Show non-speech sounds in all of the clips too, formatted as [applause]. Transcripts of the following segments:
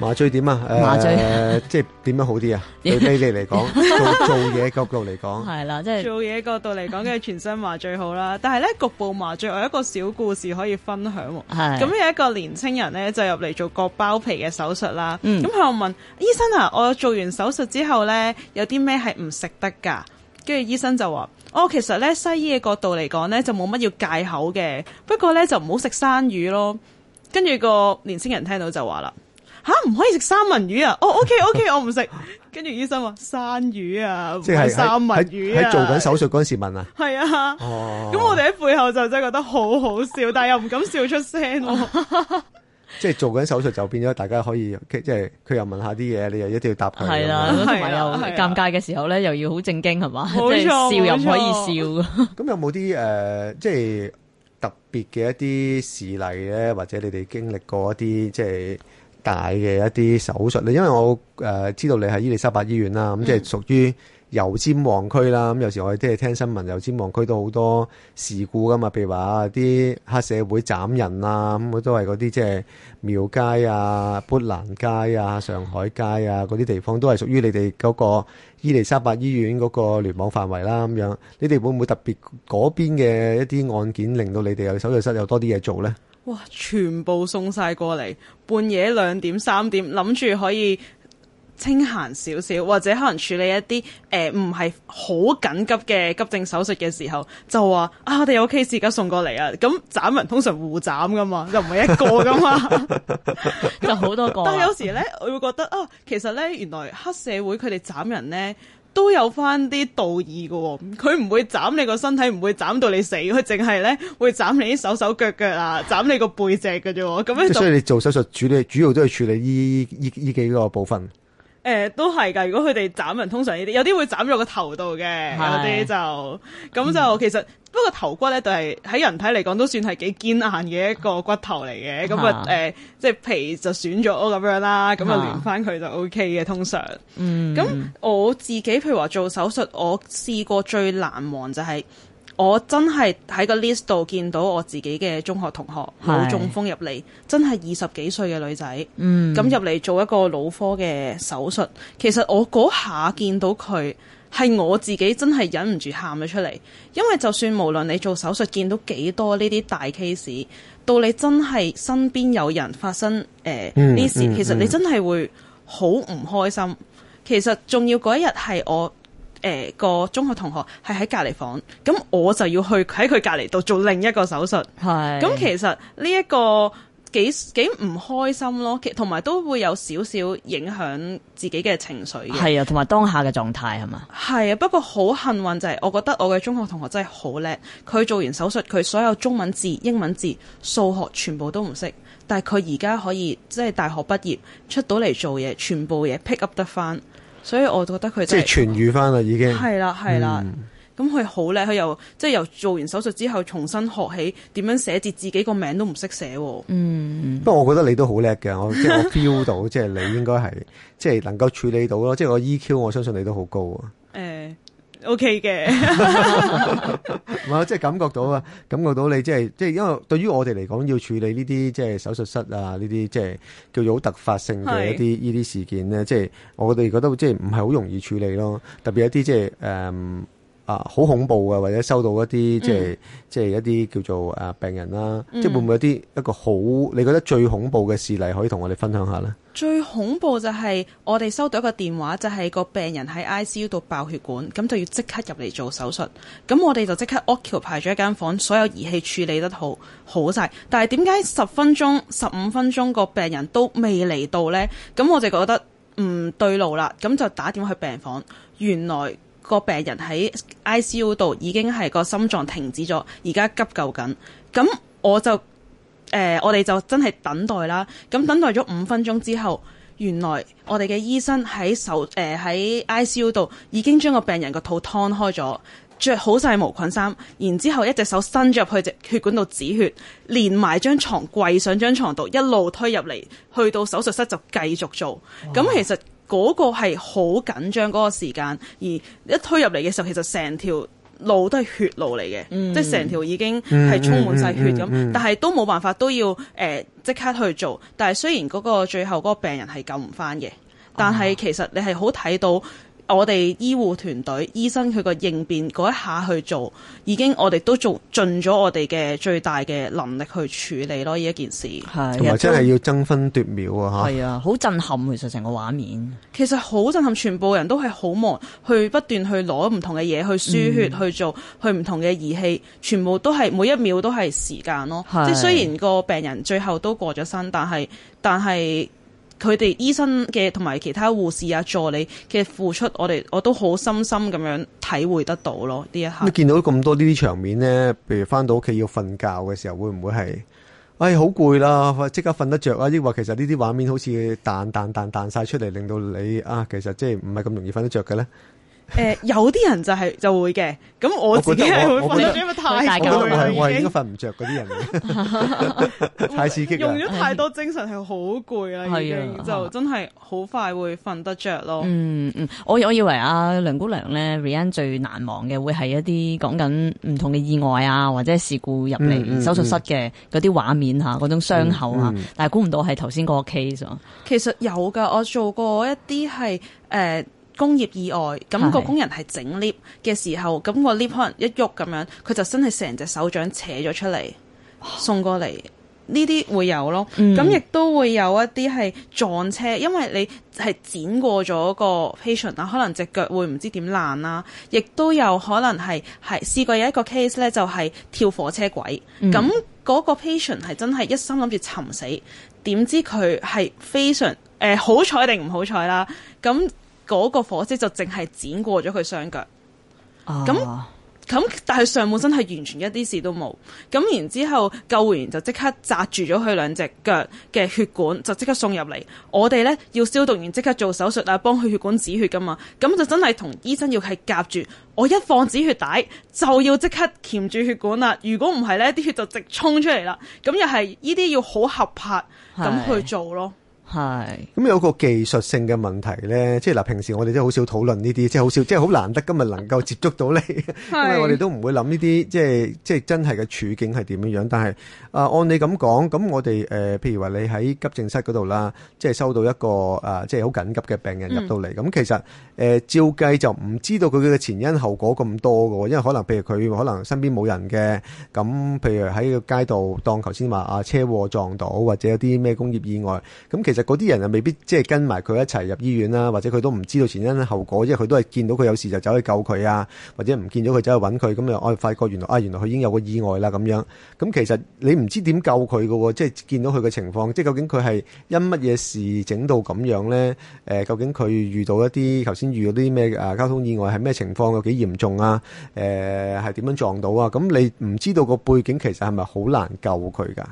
麻醉點啊？呃、麻醉即係點樣好啲啊？ [laughs] 對比你哋嚟講，做嘢角度嚟講係啦，即係、 [laughs] 就是，做嘢角度嚟講梗係全身麻醉好啦。但係咧局部麻醉我有一個小故事可以分享。係咁的有一個年青人咧就入嚟做割包皮嘅手術啦。咁佢又問醫生啊，我做完手術之後咧有啲咩係唔食得噶？跟住醫生就話，哦，其實咧西醫嘅角度嚟講咧就冇乜要戒口嘅，不過咧就唔好食生魚咯。跟住個年青人聽到就話啦。吓，唔可以食三文魚啊！哦 OK OK，我唔食。跟住醫生話：生魚啊，即係三文魚啊。喺做緊手術嗰陣時問啊。係啊。咁我哋喺背後就真係覺得好好笑，但係又唔敢笑出聲。即係做緊手術就變咗大家可以即係佢又問下啲嘢，你又一定要答佢。係啦，同埋又尷尬嘅時候咧，又要好正經係嘛？冇錯，笑又唔可以笑。咁有冇啲誒，即係特別嘅一啲事例咧，或者你哋經歷過一啲即係？大嘅一啲手術咧，因為我誒知道你係伊利沙伯醫院啦，咁即係屬於油尖旺區啦。咁有時我哋即係聽新聞，油尖旺區都好多事故噶嘛，譬如話啲黑社會斬人啊，咁都係嗰啲即係廟街啊、砵蘭街啊、上海街啊嗰啲地方，都係屬於你哋嗰個伊利沙伯醫院嗰個聯網範圍啦。咁樣，你哋會唔會特別嗰邊嘅一啲案件，令到你哋有手術室有多啲嘢做咧？哇！全部送晒過嚟，半夜兩點三點，諗住可以清閒少少，或者可能處理一啲誒唔係好緊急嘅急症手術嘅時候，就話啊，我哋有 case 而家送過嚟啊！咁斬人通常互斬噶嘛，又唔係一個噶嘛，就好多個。但係有時呢，我會覺得啊，其實呢，原來黑社會佢哋斬人呢。」都有翻啲道義嘅哦，佢唔會斬你個身體，唔會斬到你死，佢淨係咧會斬你啲手手腳腳啊，斬你個背脊嘅啫。咁樣，所以你做手術處理主要都係處理呢呢呢幾個部分。誒、呃、都係㗎，如果佢哋斬人通常呢啲，有啲會斬咗個頭度嘅，是有啲就咁就其實、嗯、不過頭骨咧，就係喺人體嚟講都算係幾堅硬嘅一個骨頭嚟嘅。咁啊誒、呃，即係皮就損咗咁樣啦，咁啊連返佢就 OK 嘅、啊、通常。咁、嗯、我自己譬如話做手術，我試過最難忘就係。我真係喺個 list 度見到我自己嘅中學同學腦是中風入嚟，真係二十幾歲嘅女仔，嗯，咁入嚟做一個腦科嘅手術，其實我嗰下見到佢，係我自己真係忍唔住喊咗出嚟。因為就算無論你做手術見到幾多呢啲大 case，到你真係身邊有人發生誒呢、呃嗯、事，其實你真係會好唔開心。嗯嗯嗯、其實仲要嗰一日係我。誒，欸嗰個中學同學係喺隔籬房，咁我就要去喺佢隔籬度做另一個手術。係是，咁其實呢一個幾幾唔開心咯，同埋都會有少少影響自己嘅情緒。係啊，同埋當下嘅狀態係嘛？係啊，不過好幸運就係，我覺得我嘅中學同學真係好叻。佢做完手術，佢所有中文字、英文字、數學全部都唔識，但係佢而家可以即係、就是、大學畢業出到嚟做嘢，全部嘢 pick up 得返。所以我就覺得佢即係痊愈翻啦，已經係啦係啦。咁佢好叻，佢又即係由做完手術之後重新學起點樣寫字，自己個名都唔識寫。嗯，嗯不過我覺得你都好叻嘅。 [laughs] 我即係我 feel 到，即係你應該係即係能夠處理到咯。即係我 EQ，我相信你都好高啊。誒。欸 O K 嘅，唔 Okay [laughs] [laughs] [laughs] [laughs] 即係感覺到啊，感覺到你即係即係，因為對於我哋嚟講，要處理呢啲即係手術室啊，呢啲即係叫做好突發性嘅一啲呢啲事件咧，即係我哋覺得即係唔係好容易處理咯，特別一啲即係誒。嗯啊，好恐怖嘅，或者收到一啲即係、嗯、即係一啲叫做啊病人啦，嗯、即係會唔會有啲一個好你覺得最恐怖嘅事例可以同我哋分享下呢？最恐怖就係我哋收到一個電話，就係、是、個病人喺 ICU 度爆血管，咁就要即刻入嚟做手術。咁我哋就即刻 occupy 排咗一間房間，所有儀器處理得好好晒。但係點解十分鐘、十五分鐘個病人都未嚟到呢？咁我就覺得唔對路啦，咁就打電話去病房，原來。個病人喺 ICU 度已經係個心臟停止咗，而家急救緊。咁我就誒、呃，我哋就真係等待啦。咁等待咗五分鐘之後，原來我哋嘅醫生喺手誒喺、呃、ICU 度已經將個病人個肚撐開咗，着好晒無菌衫，然之後一隻手伸咗入去隻血管度止血，連埋張床跪上張床度一路推入嚟，去到手術室就繼續做。咁、哦、其實。嗰個係好緊張嗰個時間，而一推入嚟嘅時候，其實成條路都係血路嚟嘅，嗯、即係成條已經係充滿晒血咁，嗯嗯嗯嗯、但係都冇辦法都要誒、呃、即刻去做。但係雖然嗰個最後嗰個病人係救唔返嘅，但係其實你係好睇到。哦我哋醫護團隊醫生佢個應變嗰一下去做，已經我哋都做盡咗我哋嘅最大嘅能力去處理咯，呢一件事。係，真係要爭分奪秒啊！嚇中。係啊，好震撼，其實成個畫面。其實好震撼，全部人都係好忙，去不斷去攞唔同嘅嘢去輸血，去做去唔同嘅儀器，全部都係每一秒都係時間咯。是即雖然個病人最後都過咗身，但係但係。佢哋醫生嘅同埋其他護士啊、助理嘅付出，我哋我都好深深咁樣體會得到咯。呢一刻，你見到咁多呢啲場面咧，譬如翻到屋企要瞓覺嘅時候，會唔會係唉好攰啦，即刻瞓得着啊？抑或其實呢啲畫面好似彈彈彈彈晒出嚟，令到你啊，其實即係唔係咁容易瞓得着嘅咧？誒、呃，有啲人就係、是、就會嘅，咁我自己係會瞓，得得因為太大舊，我係我應該瞓唔着嗰啲人， [laughs] [laughs] 太刺激，用咗太多精神係好攰啦，已經、哎、呀就真係好快會瞓得着咯。嗯嗯，我我以為阿、啊、梁姑娘咧，Rian 最難忘嘅會係一啲講緊唔同嘅意外啊，或者事故入嚟手術室嘅嗰啲畫面吓、啊，嗰、嗯、種傷口啊，嗯嗯、但係估唔到係頭先嗰個 case。其實有噶，我做過一啲係誒。呃工業意外咁、個工人係整 lift 嘅時候，咁、個 lift 可能一喐咁樣，佢就真係成隻手掌扯咗出嚟送過嚟。呢啲會有咯，咁亦、嗯、都會有一啲係撞車，因為你係剪過咗個 patient 啦，可能隻腳會唔知點爛啦，亦都有可能係係試過有一個 case 咧，就係跳火車軌，咁嗰、嗯、個 patient 係真係一心諗住尋死，點知佢係非常誒好彩定唔好彩啦，咁、呃。嗰個火車就淨係剪過咗佢雙腳，咁咁、oh，但係上半身係完全一啲事都冇。咁然之後救護員就即刻紮住咗佢兩隻腳嘅血管，就即刻送入嚟。我哋呢要消毒完即刻做手術啊，幫佢血管止血噶嘛。咁就真係同醫生要係夾住，我一放止血帶就要即刻鉗住血管啦。如果唔係呢，啲血就直衝出嚟啦。咁又係呢啲要好合拍咁去做咯。係，咁有個技術性嘅問題咧，即係嗱，平時我哋都好少討論呢啲，即係好少，即係好難得今日能夠接觸到你， [laughs] 是因為我哋都唔會諗呢啲，即係即係真係嘅處境係點樣樣。但係啊、呃，按你咁講，咁我哋誒、呃，譬如話你喺急症室嗰度啦，即係收到一個啊、呃，即係好緊急嘅病人入到嚟，咁、嗯、其實誒、呃、照計就唔知道佢嘅前因後果咁多㗎喎，因為可能譬如佢可能身邊冇人嘅，咁譬如喺個街道當頭先話啊車禍撞到，或者有啲咩工業意外，咁其嗰啲人啊，未必即係跟埋佢一齊入醫院啦，或者佢都唔知道前因後果，即係佢都係見到佢有事就走去救佢啊，或者唔見咗佢走去揾佢咁啊，我發覺原來啊，原來佢已經有個意外啦咁樣。咁其實你唔知點救佢噶喎，即係見到佢嘅情況，即係究竟佢係因乜嘢事整到咁樣咧？誒，究竟佢遇到一啲頭先遇到啲咩啊，交通意外係咩情況，有幾嚴重啊？誒、呃，係點樣撞到啊？咁你唔知道個背景其實係咪好難救佢㗎？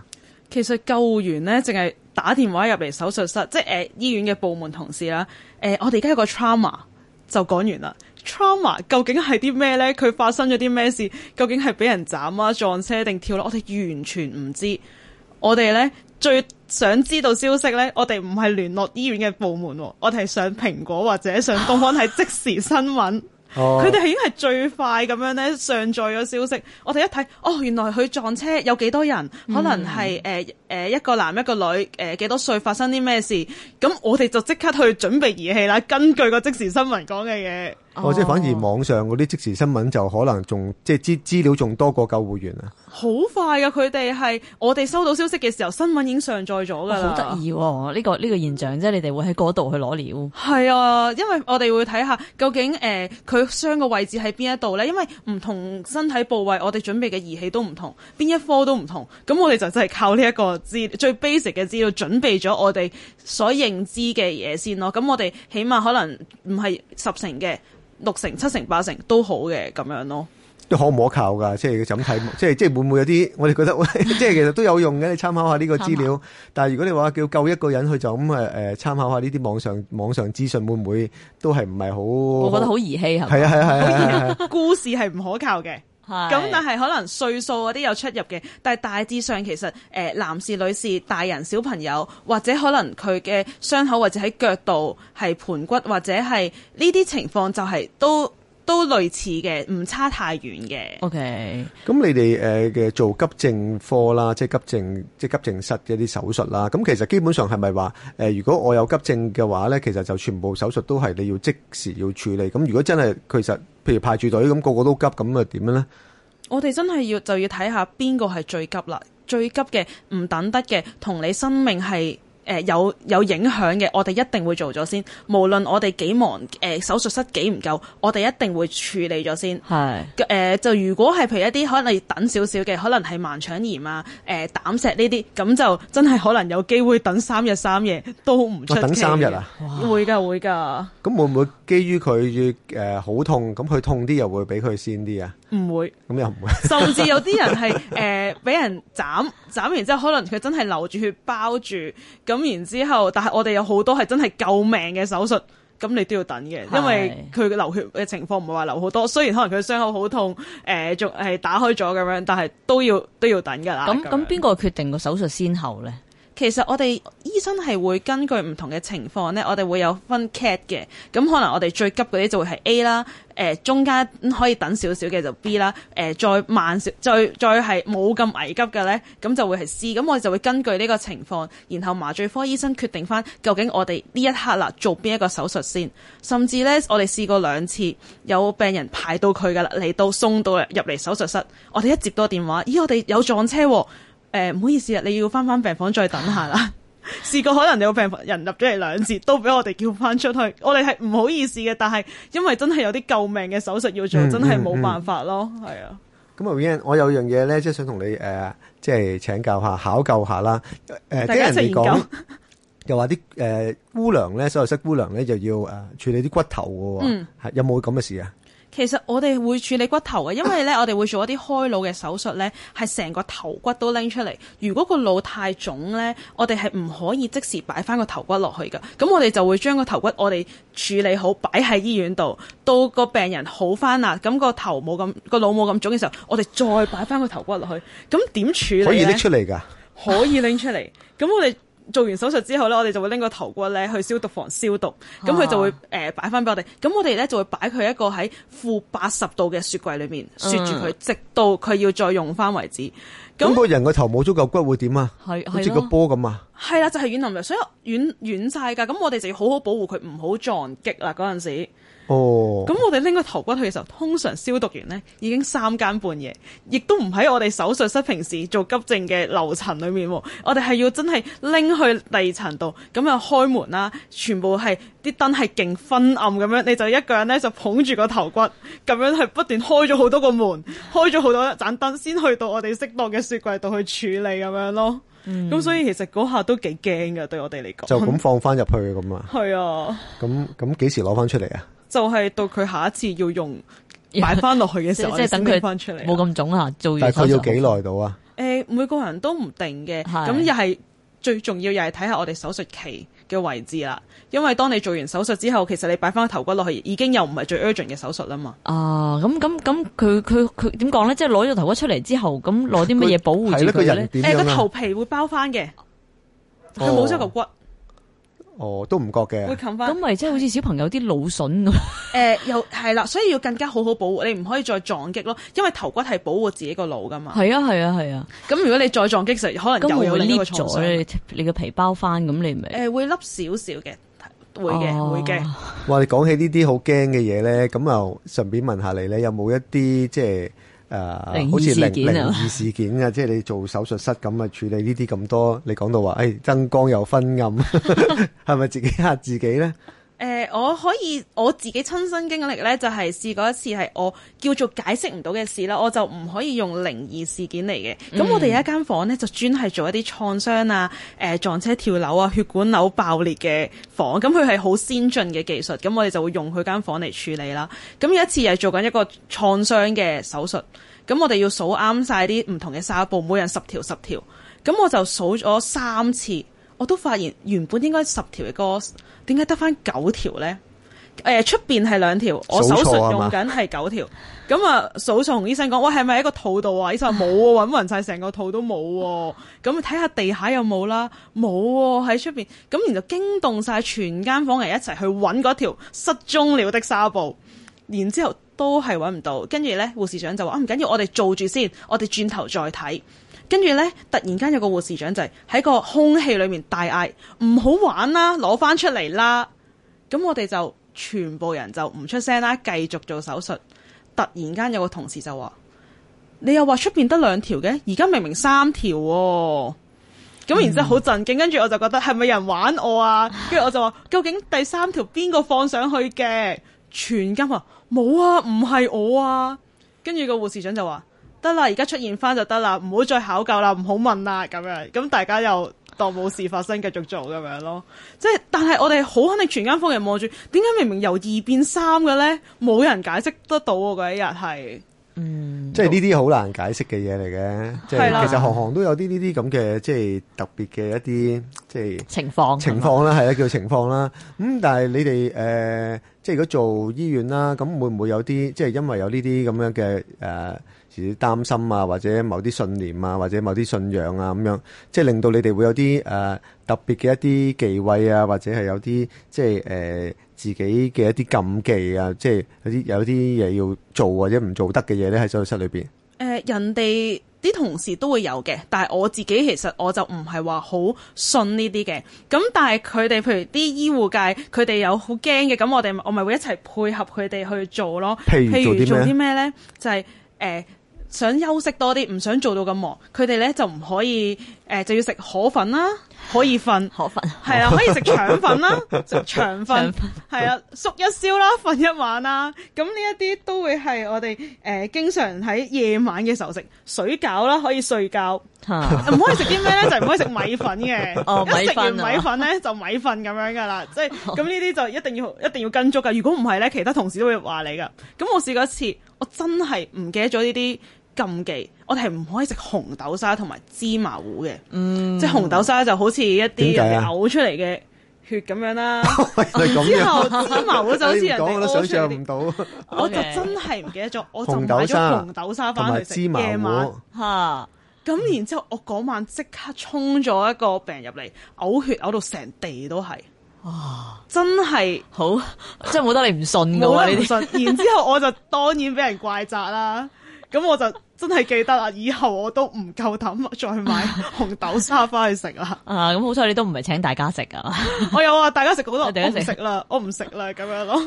其實救護員咧，淨係打電話入嚟手術室，即係誒、呃、醫院嘅部門同事啦。誒、呃，我哋而家有個 trauma 就講完啦。trauma 究竟係啲咩呢？佢發生咗啲咩事？究竟係俾人斬啊、撞車定、啊、跳落、啊？我哋完全唔知。我哋呢，最想知道消息呢，我哋唔係聯絡醫院嘅部門、啊，我哋係上蘋果或者上東方係即時新聞。 [laughs] 佢哋、oh. 已經係最快咁樣咧上載咗消息，我哋一睇哦，原來佢撞車，有幾多人，可能係誒誒一個男一個女，誒、呃、幾多歲，發生啲咩事，咁我哋就即刻去準備儀器啦，根據個即時新聞講嘅嘢。哦，即係反而網上嗰啲即時新聞就可能仲、哦、即係資資料仲多過救護員啊！好快㗎，佢哋係我哋收到消息嘅時候，新聞已經上載咗㗎啦。好得意喎，呢、呢個呢、呢個現象，即係你哋會喺嗰度去攞料。係啊，因為我哋會睇下究竟誒佢、呃、傷嘅位置喺邊一度呢？因為唔同身體部位，我哋準備嘅儀器都唔同，邊一科都唔同。咁我哋就真係靠呢一個知最 basic 嘅資料，資料準備咗我哋所認知嘅嘢先咯。咁我哋起碼可能唔係十成嘅。六成、七成、八成都好嘅，咁樣咯，都可唔可靠噶？即係就咁、是、睇，即係即係會唔會有啲？ [laughs] 我哋覺得即係其實都有用嘅，你參考下呢個資料。 [laughs] 但係如果你話叫救一個人去就咁誒誒，參、呃、考下呢啲網上網上資訊會唔會都係唔係好？我覺得好兒戲係。係啊係啊係啊，啊啊啊啊 [laughs] 故事係唔可靠嘅。咁但係可能歲數嗰啲有出入嘅，但係大致上其實，誒、呃、男士、女士、大人、小朋友，或者可能佢嘅傷口或者喺腳度係盆骨，或者係呢啲情況就係都。都類似嘅，唔差太遠嘅。OK，咁你哋誒嘅做急症科啦，即係急症，即係急症室嘅一啲手術啦。咁其實基本上係咪話誒？如果我有急症嘅話咧，其實就全部手術都係你要即時要處理。咁如果真係其實譬如排住隊咁，個個都急，咁啊點樣咧？我哋真係要就要睇下邊個係最急啦，最急嘅唔等得嘅，同你生命係。誒、呃，有有影響嘅，我哋一定會做咗先。無論我哋幾忙，誒、呃、手術室幾唔夠，我哋一定會處理咗先。係誒是、呃，就如果係譬如一啲可能等少少嘅，可能係盲腸炎啊、誒、呃、膽石呢啲，咁就真係可能有機會等三日三夜都唔出奇、啊、等三日啊！哇會㗎會㗎。咁會唔會基於佢誒、呃、好痛，咁佢痛啲又會俾佢先啲啊？唔會，咁又唔會，甚 [laughs] 至有啲人係誒俾人斬，斬完之後可能佢真係流住血包住，咁然之後，但係我哋有好多係真係救命嘅手術，咁你都要等嘅，因為佢流血嘅情況唔會話流好多，雖然可能佢傷口好痛，誒仲係打開咗咁樣，但係都要都要等噶啦。咁咁邊個決定個手術先後咧？其實我哋醫生係會根據唔同嘅情況呢，我哋會有分 cat 嘅。咁可能我哋最急嗰啲就會係 A 啦、呃。誒中間可以等少少嘅就 B 啦、呃。誒再慢少，再再係冇咁危急嘅呢，咁就會係 C。咁我哋就會根據呢個情況，然後麻醉科醫生決定返究竟我哋呢一刻喇做邊一個手術先。甚至呢，我哋試過兩次有病人排到佢㗎喇，嚟到送到入嚟手術室，我哋一接到電話，咦，我哋有撞車喎、哦！誒，唔、呃、好意思啊，你要翻翻病房再等下啦。試過可能你個病房人入咗嚟兩次，都俾我哋叫翻出去。我哋係唔好意思嘅，但係因為真係有啲救命嘅手術要做，嗯嗯嗯真係冇辦法咯，係啊。咁啊、嗯嗯、我有樣嘢咧，即係想同你誒、呃，即係請教下、考究下啦。誒、呃，啲人嚟講，又話啲誒姑娘咧，手術室姑娘咧就要誒處理啲骨頭嘅喎，嗯、有冇咁嘅事啊？其實我哋會處理骨頭嘅，因為咧我哋會做一啲開腦嘅手術咧，係成個頭骨都拎出嚟。如果個腦太腫咧，我哋係唔可以即時擺翻個頭骨落去噶。咁我哋就會將個頭骨我哋處理好，擺喺醫院度。到個病人好翻啦，咁個頭冇咁個腦冇咁腫嘅時候，我哋再擺翻個頭骨落去。咁點處理？可以拎出嚟噶，可以拎出嚟。咁我哋。做完手術之後咧，我哋就會拎個頭骨咧去消毒房消毒，咁佢、啊、就會誒、呃、擺翻俾我哋。咁我哋咧就會擺佢一個喺負八十度嘅雪櫃裏面雪住佢，嗯、直到佢要再用翻為止。咁個人個頭冇足夠骨會點啊？係，好似個波咁啊！係啦，就係、是、軟流流，所以軟軟曬㗎。咁我哋就要好好保護佢，唔好撞擊啦。嗰陣時。哦，咁我哋拎個頭骨去嘅時候，通常消毒完呢，已經三更半夜，亦都唔喺我哋手術室平時做急症嘅樓層裏面。我哋係要真係拎去第二層度，咁啊開門啦，全部係啲燈係勁昏暗咁樣，你就一個人呢，就捧住個頭骨，咁樣係不斷開咗好多個門，開咗好多一盞燈，先去到我哋適當嘅雪櫃度去處理咁樣咯。咁、嗯、所以其實嗰下都幾驚噶，對我哋嚟講，就咁放翻入去咁啊。係啊，咁咁幾時攞翻出嚟啊？就係到佢下一次要用擺翻落去嘅時候，即係等佢翻出嚟，冇咁腫啊。做完手術大概要幾耐到啊？誒、欸，每個人都唔定嘅，咁是又係最重要，又係睇下我哋手術期嘅位置啦。因為當你做完手術之後，其實你擺翻個頭骨落去，已經又唔係最 urgent 嘅手術啦嘛。啊，咁咁咁，佢佢佢點講咧？即係攞咗頭骨出嚟之後，咁攞啲乜嘢保護住佢咧？誒， [laughs] 個、欸、頭皮會包翻嘅，佢冇咗個骨。哦，都唔覺嘅，會冚翻咁咪即係好似小朋友啲腦筍咁。誒、 [laughs] 呃，又係啦，所以要更加好好保護，你唔可以再撞擊咯，因為頭骨係保護自己個腦噶嘛。係啊，係啊，係啊。咁如果你再撞擊實，可能都 [laughs] 有咗裂咗，你你個皮包翻咁，你咪誒、呃、會凹少少嘅，會嘅，會驚。哇！你講起呢啲好驚嘅嘢咧，咁又順便問下你咧，有冇一啲即係？誒、呃，好似零零二事件啊， [laughs] 即係你做手術室咁啊，處理呢啲咁多，你講到話，誒、哎，燈光又昏暗，係咪 [laughs] [laughs] 自己嚇自己咧？誒、呃，我可以我自己親身經歷呢，就係、是、試過一次係我叫做解釋唔到嘅事啦，我就唔可以用靈異事件嚟嘅。咁、嗯、我哋有一間房呢，就專係做一啲創傷啊、誒、呃、撞車跳樓啊、血管瘤爆裂嘅房，咁佢係好先進嘅技術，咁我哋就會用佢間房嚟處理啦。咁有一次係做緊一個創傷嘅手術，咁我哋要數啱晒啲唔同嘅紗布，每人十條十條，咁我就數咗三次，我都發現原本應該十條嘅歌。點解得翻九條呢？誒、呃，出邊係兩條，錯我手術用緊係九條。咁啊， [laughs] 嫂嫂同醫生講，我係咪喺個肚度啊？醫生冇，搵勻晒成個肚都冇啊。咁睇下地下有冇啦，冇喎，喺出邊。咁然後驚動晒全間房人一齊去搵嗰條失蹤了的紗布，然之後都係搵唔到。跟住呢，護士長就話：啊、唔緊要，我哋做住先，我哋轉頭再睇。跟住呢，突然間有個護士長就喺個空氣裏面大嗌：唔好玩啦，攞翻出嚟啦！咁我哋就全部人就唔出聲啦，繼續做手術。突然間有個同事就話：你又話出邊得兩條嘅，而家明明三條喎、喔！咁然之後好震驚，跟住、嗯、我就覺得係咪有人玩我啊？跟住我就話：究竟第三條邊個放上去嘅？全金話冇啊，唔係我啊！跟住個護士長就話。得啦，而家出現翻就得啦，唔好再考究啦，唔好問啦，咁樣咁大家又當冇事發生，繼續做咁樣咯。即係，但係我哋好肯定全、全間房人望住，點解明明由二變三嘅咧？冇人解釋得到嗰一日係，嗯，即係呢啲好難解釋嘅嘢嚟嘅。即係其實行行都有啲呢啲咁嘅，即係特別嘅一啲即係情況、情況啦，係啦，叫情況啦。咁但係你哋誒，即係如果做醫院啦，咁會唔會有啲即係因為有呢啲咁樣嘅誒？呃自己擔心啊，或者某啲信念啊，或者某啲信仰啊，咁樣即係令到你哋會有啲誒、呃、特別嘅一啲忌諱啊，或者係有啲即係誒、呃、自己嘅一啲禁忌啊，即係有啲有啲嘢要做或者唔做得嘅嘢咧，喺診室裏邊。誒、呃，人哋啲同事都會有嘅，但係我自己其實我就唔係話好信呢啲嘅。咁但係佢哋譬如啲醫護界，佢哋有好驚嘅，咁我哋我咪會一齊配合佢哋去做咯。譬如做啲咩咧？就係、是、誒。呃想休息多啲，唔想做到咁忙，佢哋咧就唔可以，誒、呃、就要食河粉啦，可以瞓。河粉係啦，可以食腸粉啦，食 [laughs] 腸粉係啊，縮粉一宵啦，瞓一晚啦，咁呢一啲都會係我哋誒、呃、經常喺夜晚嘅時候食水餃啦，可以睡覺。唔 [laughs] 可以食啲咩咧？就唔、是、可以食米粉嘅。哦米粉啊、一食完米粉咧就米瞓咁樣噶啦，即係咁呢啲就一定要一定要跟足噶。如果唔係咧，其他同事都會話你噶。咁我試過一次。我真係唔記得咗呢啲禁忌，我哋係唔可以食紅豆沙同埋芝麻糊嘅。嗯，即係紅豆沙就好似一啲嘢嘔出嚟嘅血咁樣啦。 [laughs] 之後芝麻糊就好似人哋屙出嚟。你講我 [laughs] 都想象唔到。 [laughs] Okay. 我就真係唔記得咗，我就買咗紅豆沙翻去食。夜晚嚇，咁 [laughs] 然之後我嗰晚即刻衝咗一個病人入嚟，嘔血嘔到成地都係。哇！真係好，真係冇得你唔信噶，你唔信，然之後我就當然俾人怪責啦。咁我就真係記得啦。以後我都唔夠膽再買紅豆沙翻去食啦。啊，咁好彩你都唔係請大家食噶。我有啊，大家食好多，我唔食啦，我唔食啦，咁樣咯。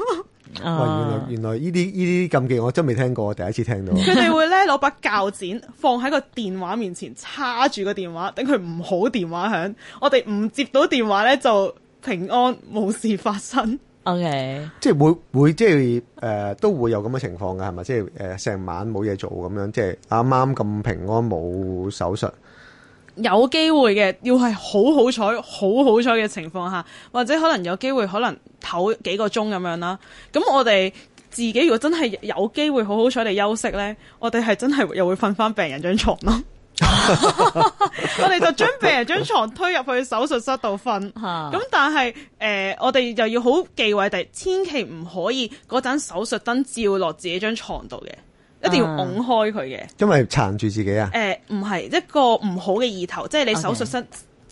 原來原來呢啲呢啲禁忌我真未聽過，第一次聽到。佢哋會咧攞把鉸剪放喺個電話面前，叉住個電話，等佢唔好電話響。我哋唔接到電話咧就平安冇事發生，OK，即係會會即係誒、呃，都會有咁嘅情況噶係咪？即係誒，呃，成晚冇嘢做咁樣，即係啱啱咁平安冇手術，有機會嘅，要係好好彩，好好彩嘅情況下，或者可能有機會，可能唞幾個鐘咁樣啦。咁我哋自己如果真係有機會好好彩地休息呢，我哋係真係又會瞓翻病人張床咯。 [laughs] [music] 我哋就將病人張床推入去手術室度瞓，咁 [music] 但係誒，uh, 我哋又要好忌諱，地，千祈唔可以嗰盞手術燈照落自己張床度嘅，uh, 一定要拱開佢嘅，因為撐住自己啊。誒，唔 [noise] 係一個唔好嘅意頭，即係你手術室。Okay.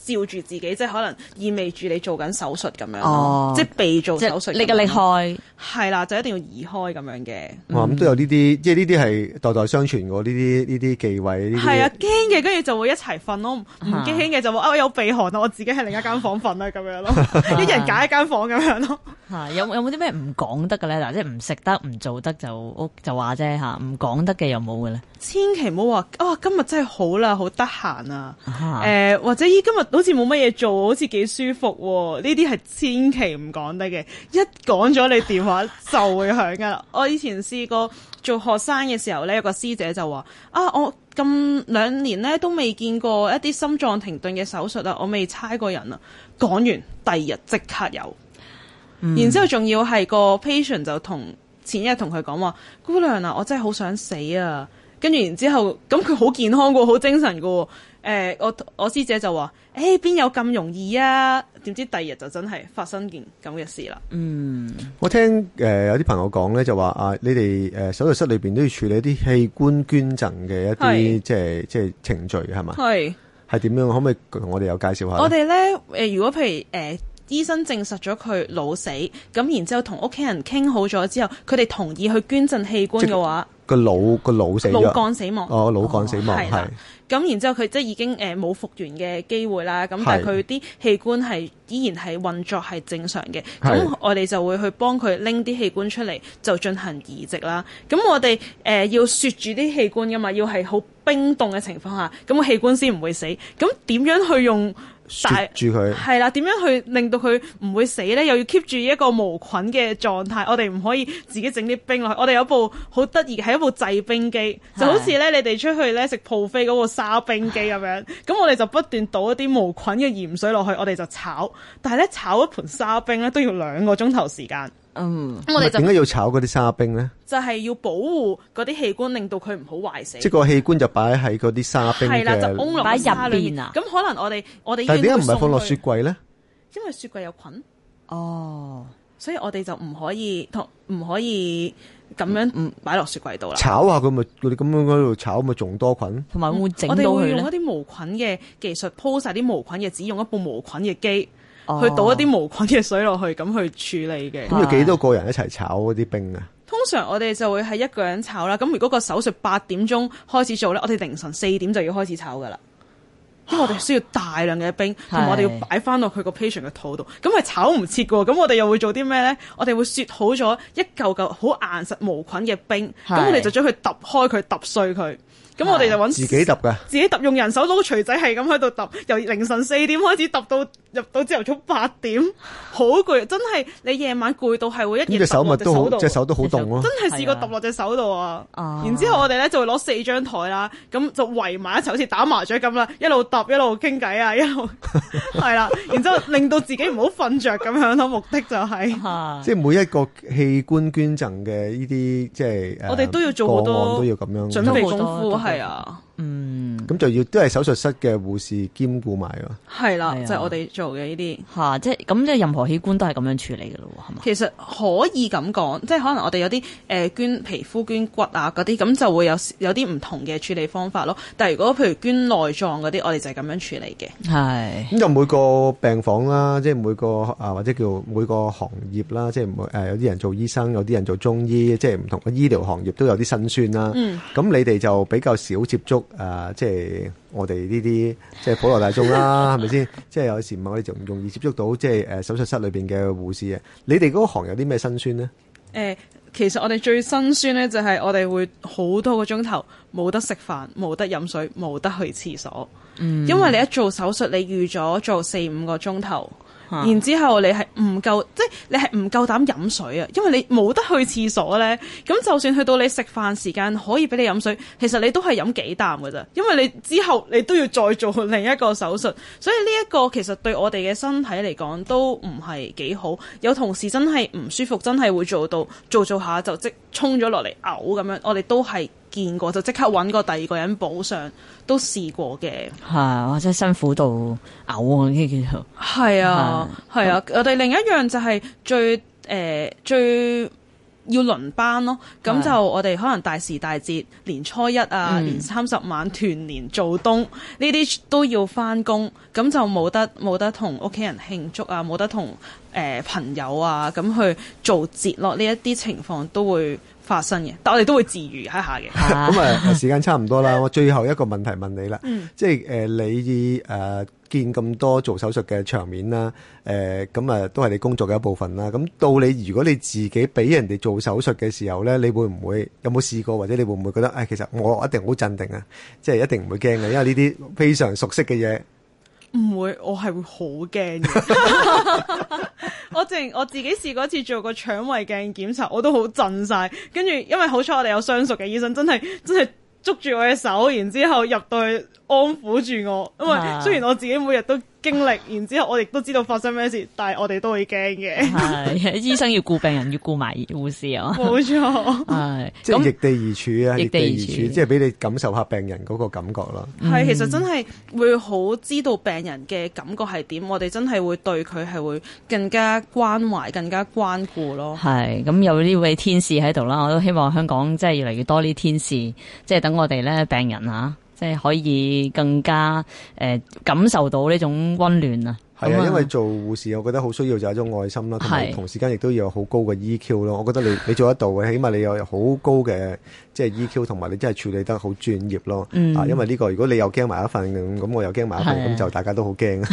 照住自己，即係可能意味住你做緊手術咁樣，哦、即係被做手術，你嘅離開係啦，就一定要移開咁樣嘅。嗯、我諗都有呢啲，即係呢啲係代代相傳嘅呢啲呢啲忌諱。係啊，驚嘅，跟住就會一齊瞓咯。唔驚嘅就會啊，啊我有鼻鼾啊，我自己喺另一間房瞓啊，咁樣咯， [laughs] 一人揀一間房咁樣咯。吓、啊、有有冇啲咩唔講得嘅咧？嗱，即係唔食得、唔做得就就話啫吓，唔、啊、講得嘅又冇嘅咧。千祈唔好話，哇、哦！今日真係好啦，好得閒啊。誒、啊哈呃，或者咦，今日好似冇乜嘢做，好似幾舒服、啊。呢啲係千祈唔講得嘅，一講咗你電話就會響噶啦。 [laughs] 我以前試過做學生嘅時候咧，有個師姐就話：啊，我咁兩年咧都未見過一啲心臟停頓嘅手術啊，我未猜過人啊。講完，第二日即刻有。然之後仲要係個 patient 就同前一日同佢講話，姑娘啊，我真係好想死啊！跟住然之後、後，咁佢好健康噶、啊，好精神噶、啊。誒、呃，我我師姐就話，誒、欸，邊有咁容易啊？點知第二日就真係發生件咁嘅事啦。嗯，我聽誒、呃、有啲朋友講咧，就話、是、啊，你哋誒、呃、手術室裏邊都要處理一啲器官捐贈嘅一啲即係即係程序係嘛？係係點樣？可唔可以同我哋有介紹下？我哋咧誒，如果譬如誒。醫生證實咗佢腦死，咁然之後同屋企人傾好咗之後，佢哋同意去捐贈器官嘅話，個腦個腦死咗，腦幹死亡哦，腦幹死亡係啦。咁然之後佢即係已經誒冇復原嘅機會啦。咁的但係佢啲器官係依然係運作係正常嘅。咁的我哋就會去幫佢拎啲器官出嚟，就進行移植啦。咁我哋誒、呃、要雪住啲器官噶嘛，要係好冰凍嘅情況下，咁個器官先唔會死。咁點樣去用？但住佢，係啦，點樣去令到佢唔會死咧？又要 keep 住一個無菌嘅狀態，我哋唔可以自己整啲冰落去。我哋有部好得意，係一部製冰機，的就好似咧你哋出去咧食 buffet 嗰個沙冰機咁樣。咁的我哋就不斷倒一啲無菌嘅鹽水落去，我哋就炒。但係咧炒一盤沙冰咧都要兩個鐘頭時間。嗯，我哋點解要炒嗰啲沙冰咧？就係要保護嗰啲器官，令到佢唔好壞死。即係個器官就擺喺嗰啲沙冰，就擺喺入邊啊！咁可能我哋我哋點解唔係放落雪櫃咧？呢因為雪櫃有菌哦，所以我哋就唔可以同唔可以，咁樣唔擺落雪櫃度啦。炒下佢咪，佢哋咁樣喺度炒咪仲多菌，同埋、嗯、會整到佢。我哋會用一啲無菌嘅技術，鋪晒啲無菌嘅紙，只用一部無菌嘅機。去倒一啲無菌嘅水落去，咁去處理嘅。咁要幾多個人一齊炒嗰啲冰啊？通常我哋就會係一個人炒啦。咁如果個手術八點鐘開始做呢，我哋凌晨四點就要開始炒噶啦。因為我哋需要大量嘅冰，同埋、啊、我哋要擺翻落佢個 patient 嘅肚度。咁係炒唔切㗎喎。咁我哋又會做啲咩呢？我哋會雪好咗一嚿嚿好硬實無菌嘅冰，咁、嗯、我哋就將佢揼開佢揼碎佢。咁我哋就揾自己揼嘅，自己揼用人手攞個錘仔係咁喺度揼，由凌晨四點開始揼到入到朝頭早八點，好攰，真係你夜晚攰到係會一隻手咪都，好隻手都好凍咯，真係試過揼落隻手度啊。然之後我哋咧就會攞四張台啦，咁、啊、就圍埋一齊好似打麻雀咁啦，一路揼一路傾偈啊，一路係啦，然之後令到自己唔好瞓着咁樣咯，目的就係、是、 [laughs] 即係每一個器官捐贈嘅呢啲即係、呃、我哋都要做好多都要咁樣，準備功夫哎呀。嗯 yeah，咁寥相寥寥、嗯、就要都係手術室嘅護士兼顧埋咯。係啦、啊，即係我哋做嘅呢啲吓，即係咁即係任何器官都係咁樣處理嘅咯，係嘛？其實可以咁講，即、就、係、是、可能我哋有啲誒捐皮膚、捐骨啊嗰啲，咁就會有有啲唔同嘅處理方法咯。但係如果譬如捐內臟嗰啲，我哋就係咁樣處理嘅。係咁就每個病房啦，即係每個啊或者叫每個行業啦，即係每誒有啲人做醫生，有啲人做中醫，即係唔同嘅醫療行業都有啲辛酸啦。嗯，咁你哋就比較少接觸。誒、呃，即係我哋呢啲即係普羅大眾啦，係咪先？即係有時唔係我哋就唔容易接觸到，即係誒、呃、手術室裏邊嘅護士啊。你哋嗰行有啲咩辛酸呢？誒、呃，其實我哋最辛酸咧，就係我哋會好多個鐘頭冇得食飯、冇得飲水、冇得去廁所。嗯、因為你一做手術，你預咗做四五個鐘頭，啊、然之後你係唔夠，即係你係唔夠膽飲水啊！因為你冇得去廁所呢，咁就算去到你食飯時間可以俾你飲水，其實你都係飲幾啖噶啫。因為你之後你都要再做另一個手術，所以呢一個其實對我哋嘅身體嚟講都唔係幾好。有同事真係唔舒服，真係會做到做做下就即衝咗落嚟嘔咁樣，我哋都係。見過就即刻揾個第二個人補上，都試過嘅。係或者辛苦到嘔嗰啲叫做。係啊係啊，我哋另一樣就係最誒最。呃最要輪班咯，咁就我哋可能大時大節，年初一啊，年三十晚團年做冬呢啲都要翻工，咁就冇得冇得同屋企人慶祝啊，冇得同誒、呃、朋友啊咁去做節咯，呢一啲情況都會發生嘅，但我哋都會自娛一下嘅。咁啊，時間差唔多啦，我最後一個問題問你啦，嗯、即係誒、呃、你誒。呃見咁多做手術嘅場面啦，誒，咁啊，都係你工作嘅一部分啦。咁到你如果你自己俾人哋做手術嘅時候呢，你會唔會有冇試過，或者你會唔會覺得，誒、哎，其實我一定好鎮定啊，即係一定唔會驚嘅，因為呢啲非常熟悉嘅嘢。唔會。我係會好驚嘅。我淨我自己試過一次做個腸胃鏡檢查，我都好震晒。跟住因為好彩我哋有相熟嘅醫生，真係真係。真捉住我嘅手，然之後入到去安撫住我，因為雖然我自己每日都經歷，然之後我亦都知道發生咩事，但係我哋都會驚嘅。係醫生要顧病， [laughs] 病人，要顧埋護士啊。冇錯。係咁，逆地而處啊，逆地而處，即係俾你感受下病人嗰個感覺咯。係、嗯，其實真係會好知道病人嘅感覺係點，我哋真係會對佢係會更加關懷、更加關顧咯。係，咁有呢位天使喺度啦，我都希望香港即係越嚟越多啲天使，即係等我哋咧病人吓。即係可以更加誒、呃、感受到呢種溫暖啊！係啊，因為做護士，我覺得好需要就係一種愛心啦。係 [noise] 是同時間亦都要有好高嘅 EQ 咯。我覺得你你做得到嘅，起碼你有好高嘅即係 EQ，同埋你真係處理得好專業咯。啊，嗯、因為呢、這個如果你又驚埋一份咁，我又驚埋一份咁，就 [noise] 是、 [noise] 嗯、 [noise] 大家都好驚啊。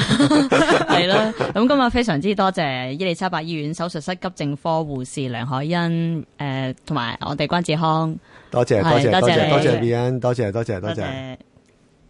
係咯，咁今日非常之多謝伊利沙伯醫院手術室急症科護士梁凱殷誒，同、呃、埋我哋關智康。多謝，多謝，多謝，多謝 Beyond 多謝，多謝，多謝。